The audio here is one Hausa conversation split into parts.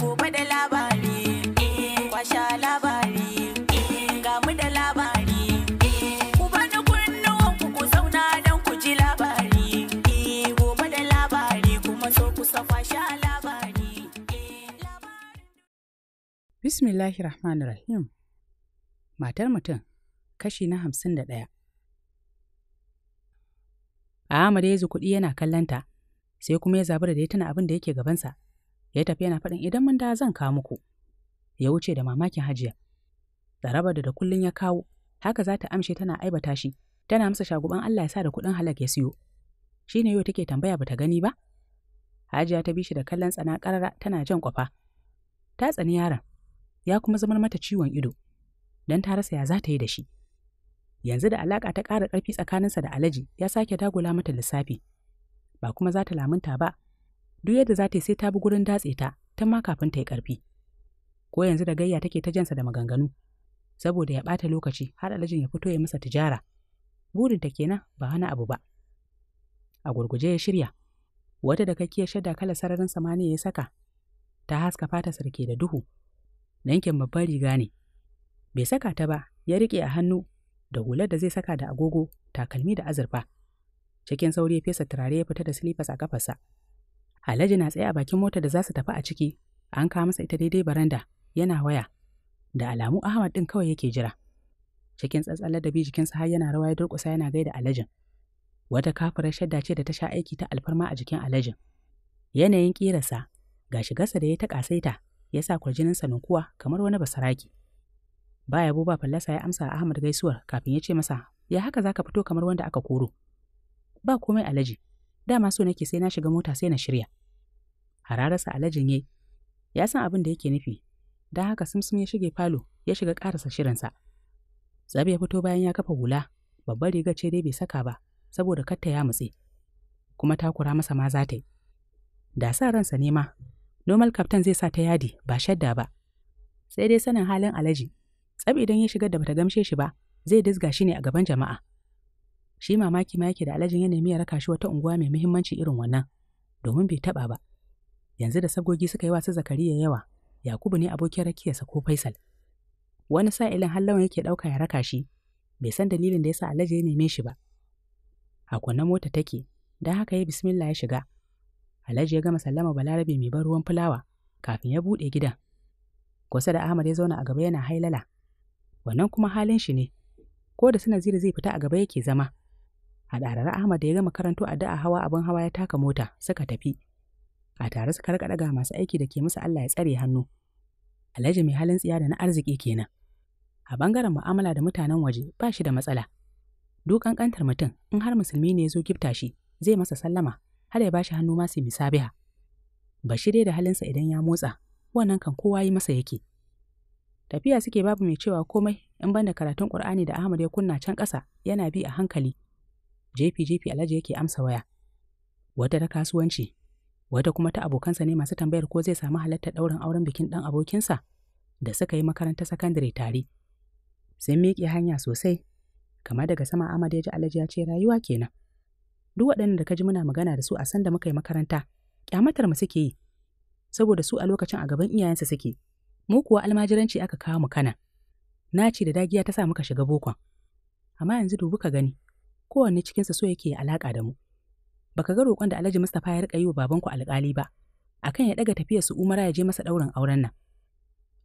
gobe da labari eh, kwasha labari eh, ga mu da labari eh, ku bani kunnuwan ku ku zauna don ku ji labari gobe da labari kuma so ku kwasha labari bismillahir rahmanir rahim matar mutum kashi na hamsin da ɗaya Ahmad ya kuɗi yana kallonta, sai kuma ya zabura da ya tuna abin da yake gabansa ya tafi yana faɗin idan mun da zan kawo muku ya wuce da mamakin hajiya tsaraba da da kullun ya kawo haka za ta amshe tana aibata shi tana masa shaguban Allah ya sa da kuɗin halak ya siyo shi ne yau take tambaya bata gani ba hajiya ta bi shi da kallon tsana ƙarara tana jan kwafa ta tsani yaron ya kuma zama mata ciwon ido Dan ta rasa ya za ta yi da shi yanzu da alaƙa ta ƙara ƙarfi tsakaninsa da alaji ya sake dagula mata lissafi ba kuma za ta lamunta ba duk yadda za ta yi sai ta bi gurin datse ta tun ma kafin ta yi ƙarfi ko yanzu da gayya take ta jansa da maganganu saboda ya ɓata lokaci har alajin ya fito ya masa tijara burinta kenan ba hana abu ba a gurguje ya shirya wata da kakkiyar shadda kala sararin samaniya ya saka ta haska fata sarki da duhu yankin babban riga ne bai saka ta ba ya riƙe a hannu da hular da zai saka da agogo takalmi da azurfa cikin sauri ya fesa turare ya fita da silifas a kafarsa Alhaji na tsaye a bakin motar da za su tafi a ciki, an kawo masa ita daidai baranda, yana waya. Da alamu Ahmad ɗin kawai yake jira. Cikin tsatsalar da bi jikinsa har yana rawa ya durƙusa yana gaida Alhajin. Wata kafirar shadda ce da ta sha aiki ta alfarma a jikin Alhajin. Yanayin ƙirarsa, ga shigarsa da ya ta ƙasaita, ya sa sa nukuwa kamar wani basaraki. Ba yabo ba fallasa ya amsa a Ahmad gaisuwar kafin ya ce masa, ya haka za ka fito kamar wanda aka koro. Ba komai Alhaji, dama so nake sai na shiga mota sai na shirya. hararsa alajin ya ya san abin da yake nufi don haka sumsum ya shige falo ya shiga karasa shirinsa zab ya fito bayan ya kafa hula babbar rigar ce dai bai saka ba saboda katta ya mutse kuma takura masa ma za ta yi da sa ransa ne ma normal captain zai sa ta yadi ba shadda ba sai dai sanin halin alaji tsab idan ya shigar da bata gamshe shi ba zai dizga shi ne a gaban jama'a shi mamaki ma yake da alajin ya nemi ya raka shi wata unguwa mai muhimmanci irin wannan domin bai taba ba yanzu da sabgogi suka yi wasu zakariya yawa yakubu ne abokin rakiyarsa ko faisal wani sa sa'ilin hallawan yake ɗauka ya raka shi bai san dalilin da ya sa alhaji ya neme shi ba a kunne mota take don haka ya bismillah ya shiga alhaji ya gama sallama balarabe mai ban ruwan fulawa kafin ya buɗe gidan kusa da ahmad ya zauna a gaba yana hailala wannan kuma halin shi ne ko da su naziri zai fita a gaba yake zama a ɗarara ahmad da ya gama karanto a da'a hawa abin hawa ya taka mota suka tafi a tare su rika daga masu aiki da ke musu Allah ya tsare hannu. Alhaji mai halin tsiya da na arziki kenan. A bangaren mu'amala da mutanen waje ba shi da matsala. Duk kankantar mutum in har musulmi ne ya zo gifta shi zai masa sallama har ya bashi hannu masu misabiha. Bashir dai da sa idan ya motsa wannan kan kowa yi masa yake. Tafiya suke babu mai cewa komai in banda karatun Qur'ani da Ahmad ya kunna can ƙasa yana bi a hankali. Jefi jefi Alhaji yake amsa waya. Wata ta kasuwanci wata kuma ta abokansa ne masu tambayar ko zai samu halartar ɗaurin auren bikin ɗan abokinsa da suka yi makarantar sakandare tare. Sun miƙe hanya sosai, kama daga sama Amadu ya ji Alhaji ya ce rayuwa kenan. Duk waɗanda da ka ji muna magana da su a san da muka yi makaranta, kyamatar mu suke yi, saboda su a lokacin a gaban iyayensa suke. Mu kuwa almajiranci aka kawo mu kana. Na ce da dagiya ta sa muka shiga bokon. Amma yanzu dubu ka gani, kowanne cikinsa so yake alaƙa da mu. baka ga roƙon da Alhaji Mustapha ya rika yi wa babanku alƙali ba akan ya daga tafiyar su Umara ya je masa ɗaurin auren nan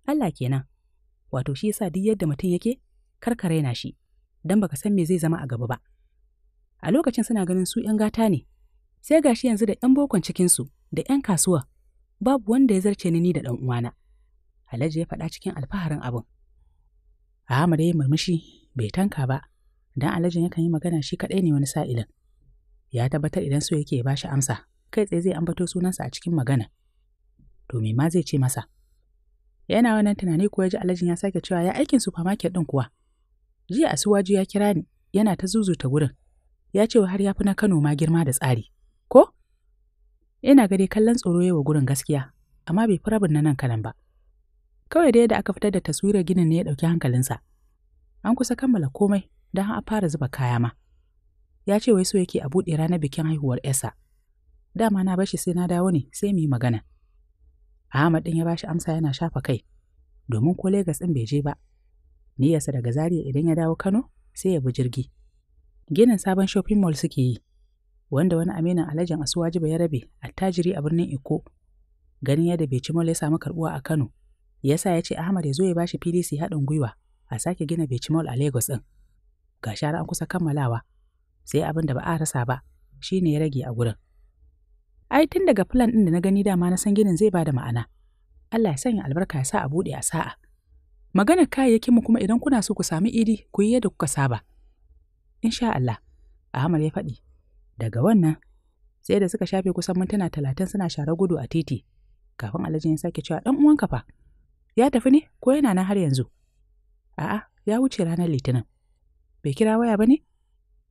Allah kenan wato shi yasa duk yadda mutum yake karkare raina shi dan baka san me zai zama a gaba ba a lokacin suna ganin su ‘yan gata ne, sai gashi yanzu da ƴan bokon cikin su da ƴan kasuwa, babu wanda ya zarce ni da ɗan uwana. Alhaji ya faɗa cikin alfaharin abin. Ahmad ya yi murmushi bai tanka ba, dan Alhaji yakan yi magana shi kaɗai ne wani sa'ilin. ya tabbatar idan so yake ba shi amsa kai tsaye zai ambato sunansa a cikin magana to me ma zai ce masa yana wannan tunani kuwa ji alajin ya sake cewa ya aikin supermarket din kuwa jiya asuwaju ya kira ni yana ta zuzuta gurin ya ce har ya fi na Kano ma girma da tsari ko ina gare kallon tsoro yawa gurin gaskiya amma bai fi rabin na nan kanan ba kawai da yadda aka fitar da taswirar ginin ne ya ɗauki hankalinsa an kusa kammala komai don a fara zuba kaya ma ya ce wai so yake a buɗe ranar bikin haihuwar Esa. Dama na bashi sai na dawo ne sai mu yi magana. Ahmad din ya bashi amsa yana shafa kai, domin ko Legas ɗin bai je ba. yasa daga Zaria idan ya dawo Kano sai ya bi jirgi. Ginin sabon shopping mall suke yi, wanda wani aminin asuwa Asuwaji ya rabe attajiri a birnin Eko. Ganin yadda bai ci mall ya samu karbuwa a Kano, yasa ya ce Ahmad ya zo ya bashi PDC haɗin gwiwa a sake gina Bechimol a Lagos ɗin. Ga shara an kusa kammalawa, sai abin da ba a rasa ba shi ne ya rage a gurin. Ai tun daga filan ɗin da na gani dama na san ginin zai bada ma'ana. Allah ya sanya albarka ya sa a buɗe a sa'a. Maganar kayayyakinmu kuma idan kuna so ku sami iri ku yi yadda kuka saba. Insha Allah, Ahmad ya faɗi. Daga wannan, sai da suka shafe kusan mintuna talatin suna share gudu a titi. Kafin alhaji ya sake cewa ɗan uwanka fa. Ya tafi ne ko yana nan har yanzu? A'a, ya wuce ranar Litinin. Bai kira waya ba ne?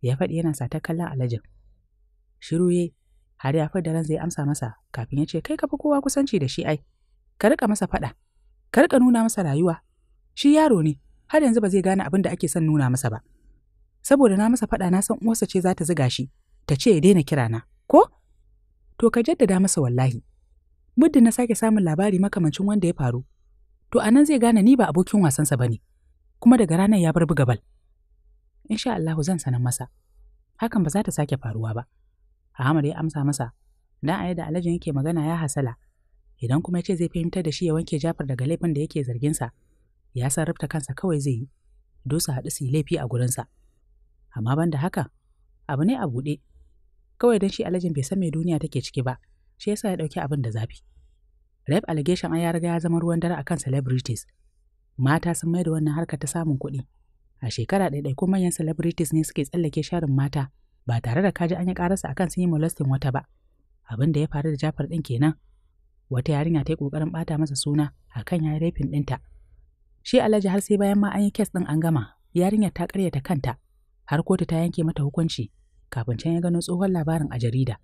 ya faɗi yana satar kallon alajin. Shiru ye, har ya da daren zai amsa masa kafin ya ce kai ka fi kowa kusanci da shi ai. Ka riƙa masa faɗa, ka riƙa nuna masa rayuwa. Shi yaro ne, har yanzu ba zai gane abin da ake son nuna masa ba. Saboda na masa faɗa na san uwarsa ce za ta ziga shi, ta ce ya daina kira na, ko? To ka jaddada masa wallahi. Muddin na sake samun labari makamancin wanda ya faru, to a nan zai gane ni ba abokin wasansa ba ne, kuma daga ranar ya bar bugabal. insha Allahu zan sanar masa hakan ba za ta sake faruwa ba Ahmad ya amsa masa dan a yadda alhaji yake magana ya hasala idan kuma ya ce zai fahimtar da shi ya wanke Jafar daga laifin da yake zarginsa ya san rubta kansa kawai zai yi dosa haɗu su laifi a gurin sa amma banda haka abu ne a buɗe kawai don shi alajin bai san me duniya take ciki ba shi yasa ya ɗauki abin da zafi rape allegation an ya riga ya zama ruwan dare akan celebrities mata sun mai da wannan harka ta samun kuɗi a shekara ɗaya ko manyan celebrities ne suke tsallake sharin mata ba tare da kaji an yi ƙararsa akan sun yi molesting wata ba abin da ya faru da jafar ɗin kenan wata yarinya ta yi ƙoƙarin ɓata masa suna akan yayin rafin ɗinta shi alhaji har sai bayan ma an yi kes ɗin an gama Yarinya ta ƙaryata kanta har kotu ta yanke mata hukunci kafin can ya gano tsohon labarin a jarida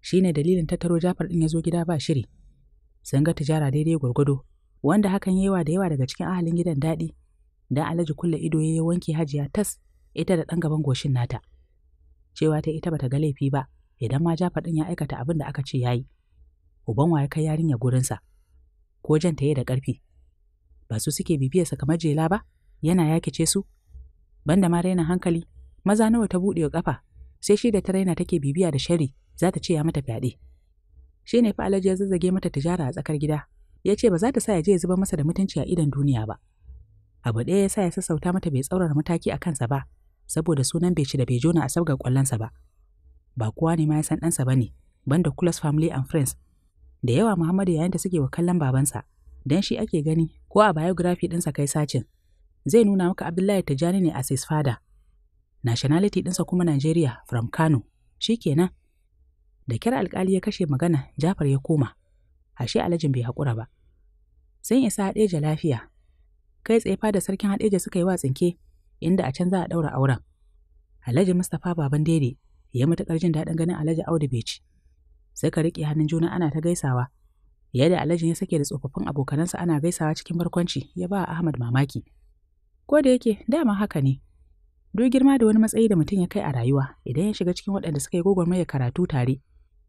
shi ne dalilin tattaro jafar ɗin ya zo gida ba shiri sun ga tijara daidai gwargwado wanda hakan yawa da yawa daga cikin ahalin gidan daɗi dan alhaji kulle ido ya wanke hajiya tas ita da ɗan gaban goshin nata cewa ta ita bata ga laifi ba idan ma jafa ɗin ya aikata abin da aka ce yayi yi uban waye kai yarinya gurinsa ko jan ta yi da ƙarfi ba su suke sa kamar jela ba yana yakice su banda ma raina hankali maza nawa ta buɗe kafa sai shi da ta raina take bibiya da shari za ta ce ya mata fyaɗe shi ne fa alhaji ya zazzage mata tijara a tsakar gida ya ce ba za ta sa ya je ya zuba masa da mutunci a idon duniya ba abu ɗaya ya sa ya sassauta mata bai tsaurara mataki a kansa ba saboda sunan bai ci da bai jona a sabgar kwallonsa ba ba kowa ne ma ya san ɗansa ba ne banda kulas family and friends da yawa muhammadu yayin da suke wa kallon babansa dan shi ake gani ko a biography ɗinsa kai sacin zai nuna maka abdullahi tijjani ne a his father nationality ɗinsa kuma nigeria from kano shi kenan da kira alkali ya kashe magana jafar ya koma ashe alhajin bai haƙura ba sun isa ja lafiya kai tsaye da sarkin haɗeja suka yi wa tsinke inda a can za a ɗaura auren. Alhaji Mustapha Baban Dede ya matuƙar jin daɗin ganin Alhaji Audu Beci. ka riƙe hannun juna ana ta gaisawa. Yadda Alhaji ya sake da tsofaffin abokanansa ana gaisawa cikin barkwanci ya ba Ahmad mamaki. Ko da yake dama haka ne. Duk girma da wani matsayi da mutum ya kai a rayuwa idan ya shiga cikin waɗanda suka yi gwagwarmayar karatu tare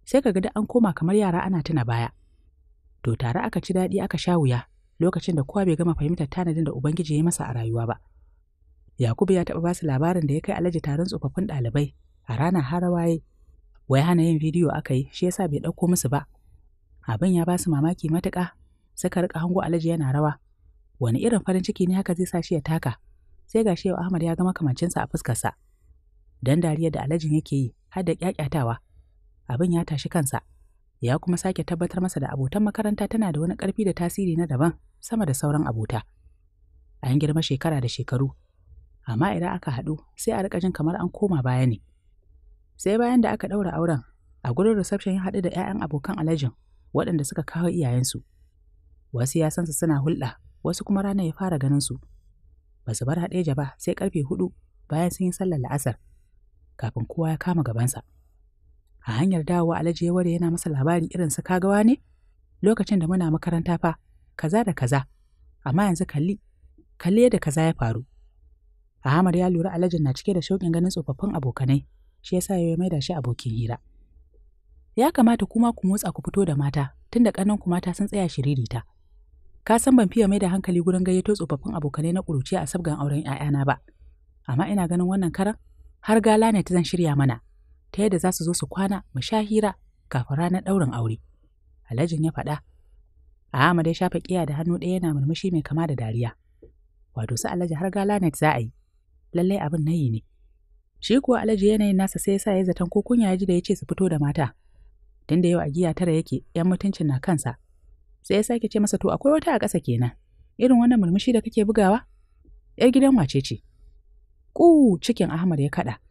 sai ka ga da an koma kamar yara ana tuna baya. To tare aka ci daɗi aka sha wuya lokacin da kowa bai gama fahimtar tanadin da Ubangiji ya masa a rayuwa ba. Yakubu ya taɓa ba su labarin da ya kai Alhaji taron tsofaffin ɗalibai a ranar harawaye. Wai hana yin bidiyo aka yi, shi yasa bai ɗauko musu ba. Abin ya ba su mamaki matuƙa, suka rika hango Alhaji yana rawa. Wani irin farin ciki ne haka zai sa shi ya taka, sai ga shi yau Ahmad ya gama kamancinsa a fuskarsa. Dan dariya da Alhaji yake yi, har da ƙyaƙyatawa. Abin ya tashi kansa. ya kuma sake tabbatar masa da abotan makaranta tana da wani ƙarfi da tasiri na daban sama da sauran abota. An girma shekara da shekaru, amma idan aka haɗu sai a riƙa jin kamar an koma baya ne. Sai bayan da aka ɗaura auren, a gurin reception ya haɗu da 'ya'yan abokan alajin waɗanda suka kawo iyayensu. Wasu ya san su suna hulɗa, wasu kuma ranar ya fara ganin su. Ba su bar haɗeja ba sai ƙarfe hudu bayan sun yi sallar la'asar, kafin kowa ya kama gabansa. a hanyar dawowa alhaji ya ware yana masa labari irin su kagawa ne lokacin da muna makaranta fa kaza da kaza amma yanzu kalli kalli yadda kaza ya faru Ahmad ya lura alhaji na cike da shauƙin ganin tsofaffin abokanai shi yasa ya maida shi abokin hira ya kamata kuma ku motsa ku fito da mata tunda kanan ku mata sun tsaya shiririta ka san ban fiye mai da hankali gurin gayyato tsofaffin abokanai na ƙuruciya a sabgan auren 'ya'yana ba amma ina ganin wannan karan har gala ne ta zan shirya mana ta yadda za su zo su kwana mu sha hira kafin ranar ɗaurin aure. Alhajin ya faɗa. a Ahmad ya shafa ƙiya da hannu ɗaya yana murmushi mai kama da dariya. Wato su Alhaji har galanet za a yi. Lallai abin na yi ne. Shi kuwa Alhaji yanayin nasa sai ya sa ya zaton ko kunya ya ji da ya ce su fito da mata. Tun da yau a giya tara yake, ‘yan mutuncin na kansa. Sai ya sake ce masa to akwai wata a ƙasa kenan. Irin wannan murmushi da kake bugawa? ‘Yar gidan wace ce? Ƙu cikin Ahmad ya kaɗa.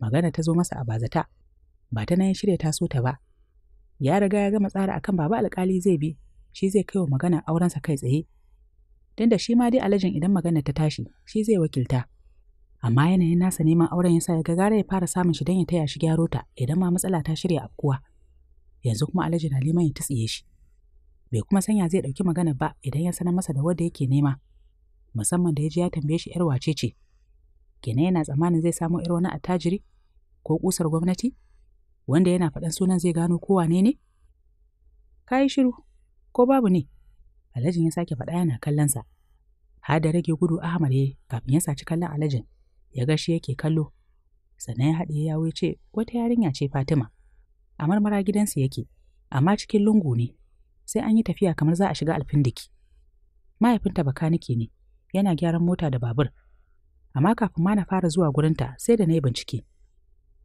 magana ta zo masa a bazata ba ta nan ya shirya taso ta ba ya riga ya gama tsara akan baba alkali zai bi shi zai kai wa magana aurensa kai tsaye tunda shi ma dai alajin idan magana ta tashi shi zai wakilta amma yanayin nasa neman auren yasa ya ga gara ya fara samun shi don ya taya shi gyaro ta idan ma matsala ta shirya afkuwa yanzu kuma alhaji na neman ya tsiye shi bai kuma sanya zai ɗauki magana ba idan ya sanar masa da wanda yake nema musamman da ya ji ya tambaye shi yar wace ce kenan yana tsammanin zai samo irin wani attajiri ko kusar gwamnati wanda yana faɗan sunan zai gano ko wane ne ka yi shiru ko babu ne alhajin ya sake faɗa yana kallonsa har da rage gudu ahmad ya kafin ya saci kallon alhajin ya ga shi yake kallo sannan ya haɗe ya ce wata yarinya ce fatima a marmara gidansu yake amma cikin lungu ne sai an yi tafiya kamar za a shiga alfindiki mahaifinta bakanike ne yana gyaran mota da babur amma kafin ma na fara zuwa gurinta sai da na yi bincike.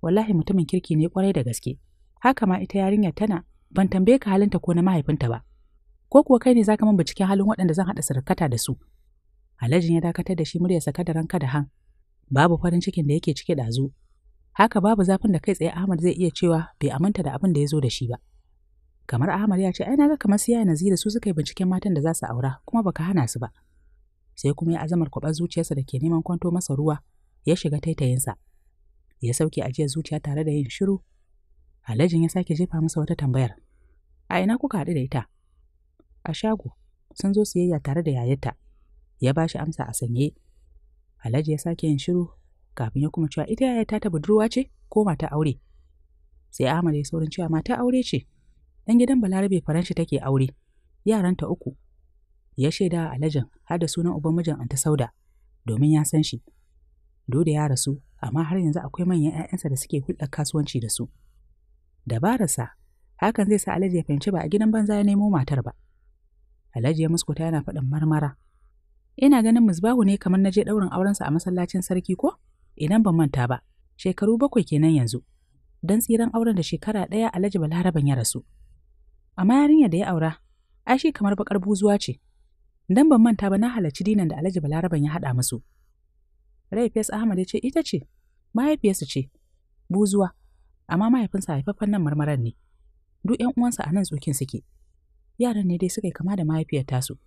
Wallahi mutumin kirki ne kwarai da gaske, haka ma ita yarinya tana ban tambaye ka halinta ko na mahaifinta ba. Ko kuwa kai ne za ka min binciken halin waɗanda zan haɗa surukata da su. Alhajin ya dakatar da shi saka da ranka da han. Babu farin cikin da yake cike ɗazu. Haka babu zafin da kai tsaye Ahmad zai iya cewa bai aminta da abin da ya zo da shi ba. Kamar Ahmad ya ce, ai na ga kamar siya yaya Nazira su suka yi binciken matan da za su aura kuma baka hana su ba. sai kuma ya azamar kwaɓar zuciyarsa da ke neman kwanto masa ruwa ya shiga taitayinsa ya sauke ajiyar zuciya tare da yin shiru alhajin ya sake jefa masa wata tambayar a ina kuka haɗu da ita a shago sun zo siyayya tare da yayarta ya ba shi amsa a sanye alhaji ya sake yin shiru kafin ya kuma cewa ita yayata ta budurwa ce ko mata aure sai ahmad ya saurin cewa mata aure ce dan gidan balarabe faranshi take aure yaranta uku ya shaida a alajin har da sunan uban mijin anta sauda domin ya san shi Doda ya rasu amma har yanzu akwai manyan 'ya'yansa da suke hulɗar kasuwanci da su dabararsa hakan zai sa alaji ya fahimci ba a gidan banza ya nemo matar ba alhaji ya muskuta yana faɗin marmara ina ganin musbahu ne kamar naje je ɗaurin aurensa a masallacin sarki ko idan eh, ban manta ba shekaru bakwai kenan yanzu dan tsiran auren da shekara ɗaya alhaji balaraban ya rasu amma yarinyar da ya aura ai shi kamar bakar buzuwa ce Dan ban manta ba na halarci dinan da Alhaji Balaraban ya haɗa musu. Rai Fes Ahmad ya ce ita ce, mahaifiyarsu ce, buzuwa, amma mahaifinsa haifaffen nan marmaran ne. Duk ‘yan uwansa a nan tsokin suke. Yaran ne dai suka yi kama da mahaifiyar tasu.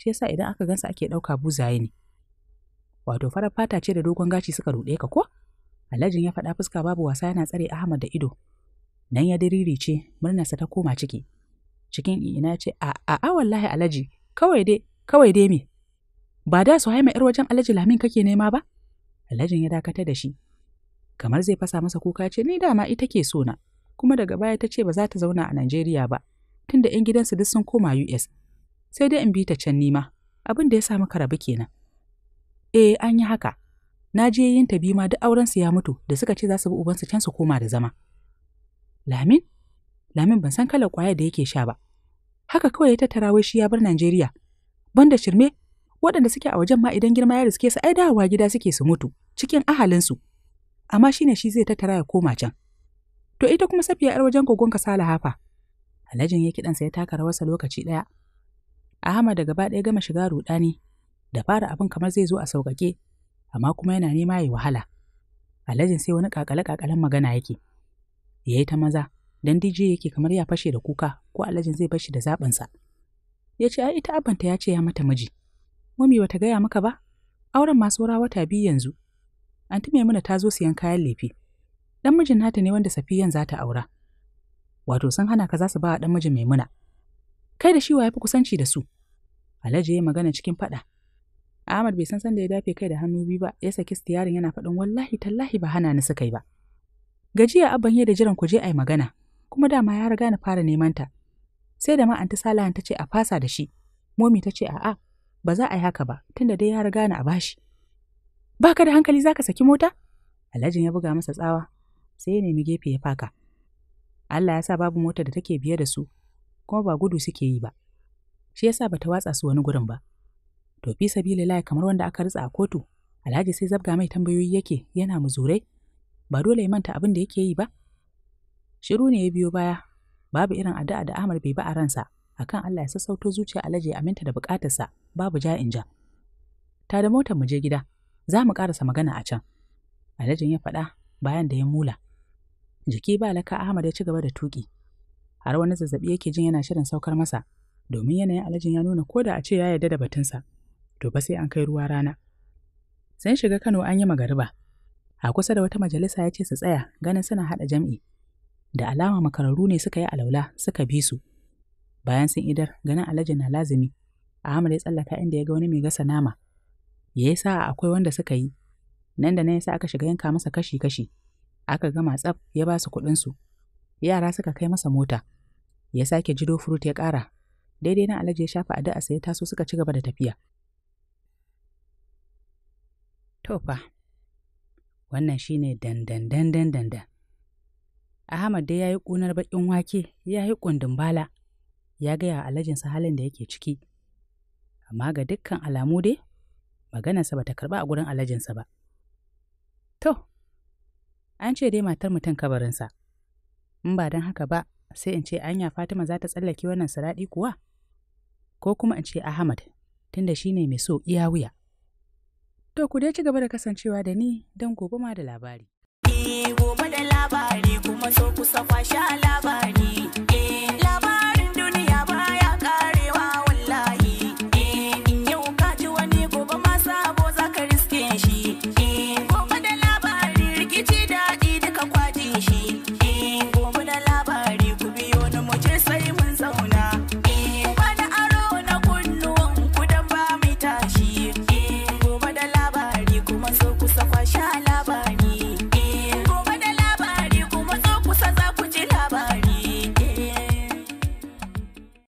Shi yasa idan aka gansa ake ɗauka buzaye ne. Wato farar fata ce da dogon gaci suka ruɗe ka ko? Alhajin ya faɗa fuska babu wasa yana tsare Ahmad da ido. Nan ya diriri ce, murnarsa ta koma ciki. Cikin ina ce, a a wallahi Alhaji, kawai dai Kawai dai me? Ba da su haima ‘yar wajen Alhaji Lamin kake nema ba? Alhajin ya dakatar da shi. Kamar zai fasa masa kuka ce ni dama ita ke so na, kuma daga baya ta ce ba za ta zauna a Najeriya ba, tunda ‘yan gidansu duk sun koma US. Sai dai in bi ta can nima, abin da ya samu karabu kenan. Eh, an yi haka. Na je yin ta bima duk aurensu ya mutu da suka ce za su bi ubansu can su koma da zama. Lamin? Lamin ban san kalar kwaya da yake sha ba. Haka kawai ya tattara shi ya bar Najeriya, banda shirme waɗanda suke a wajen ma idan girma ya riske su ai dawowa gida suke su mutu cikin ahalinsu amma shine shi zai tattara ya koma can to ita kuma safiya yar wajen gogon sala hafa alhajin ya kidansa ya taka rawarsa lokaci ɗaya ahmad da gaba ɗaya gama shiga rudani, da fara abin kamar zai zo a sauƙaƙe amma kuma yana nema ya wahala alhajin sai wani kakale ƙaƙalen magana yake ya yi ta maza don DJ yake kamar ya fashe da kuka ko alhajin zai fashe da zaɓinsa. sa ya ce ai ita abanta ya ce ya mata miji mami bata gaya maka ba auren masu saura wata biyu yanzu anti maimuna ta zo siyan kayan lefe dan mijin nata ne wanda safiyan za ta aura wato sun hana ka za su ba wa dan mijin maimuna kai da shi wa yafi kusanci da su alhaji ya magana cikin faɗa Ahmad bai san san da ya dafe kai da hannu biyu ba, ya saki stiyarin yana faɗin wallahi tallahi ba hana ni suka yi ba. Gajiya abban da jiran ku je ai magana, kuma dama ya riga na fara neman ta. sai da ma ta salahan ta ce a fasa da shi momi ta ce a'a ba za a yi haka ba tunda dai ya riga ni a bashi ba ka da hankali zaka saki mota alhajin ya buga masa tsawa sai ya nemi gefe ya faka Allah ya sa babu motar da take biye da su kuma ba gudu suke yi ba shi yasa bata watsa su wani gurin ba to fi lai kamar wanda aka ritsa a kotu Alhaji sai zabga mai tambayoyi yake yana muzurai, ba dole ya manta abin da yake yi ba? Shiru ne ya biyo baya, babu irin addu'a da Ahmad bai ba a ransa akan Allah ya sassauto zuciya alaje ya aminta da bukatarsa babu ja in ja. Ta da motar mu je gida, za mu karasa magana a can. Alhajin ya faɗa bayan da ya mula. Jiki ba laka Ahmad ya ci gaba da tuki. Har wani zazzabi yake jin yana shirin saukar masa, domin yanayin alajin ya nuna ko da a ce ya yarda da batunsa. To ba sai an kai ruwa rana. Sun shiga Kano an yi magariba. A kusa da wata majalisa ya ce su tsaya ganin suna haɗa jam'i. da alama makararru ne suka yi alaula suka bi su bayan sun idar ganin alhaji na lazimi ahmad ya tsallaka inda ya ga wani mai gasa nama ya yi sa'a akwai wanda suka yi nan da nan sa aka shiga yanka masa kashi-kashi aka gama tsaf ya ba su kuɗinsu yara suka kai masa mota ya sake jido furut ya ƙara daidai na alhaji ya shafa addu'a sai taso suka ci gaba da tafiya to fa wannan shine dandan dandan dandan Ahmad dai ya yi ƙunar baƙin wake, ya yi ƙundin bala, ya gaya alajinsa halin da yake ciki. Amma ga dukkan alamu dai, maganarsa ba ta karɓa a gurin alajinsa ba. To, an ce dai matar mutum kabarinsa, in ba don haka ba, sai in ce anya Fatima za ta tsallake wannan siraɗi kuwa? Ko kuma in ce Ahmad, tunda shi ne mai so iya wuya. To, ku dai ci gaba da kasancewa da ni don gobe ma da labari. labari gobe da labari kuma so kusa kwashe labari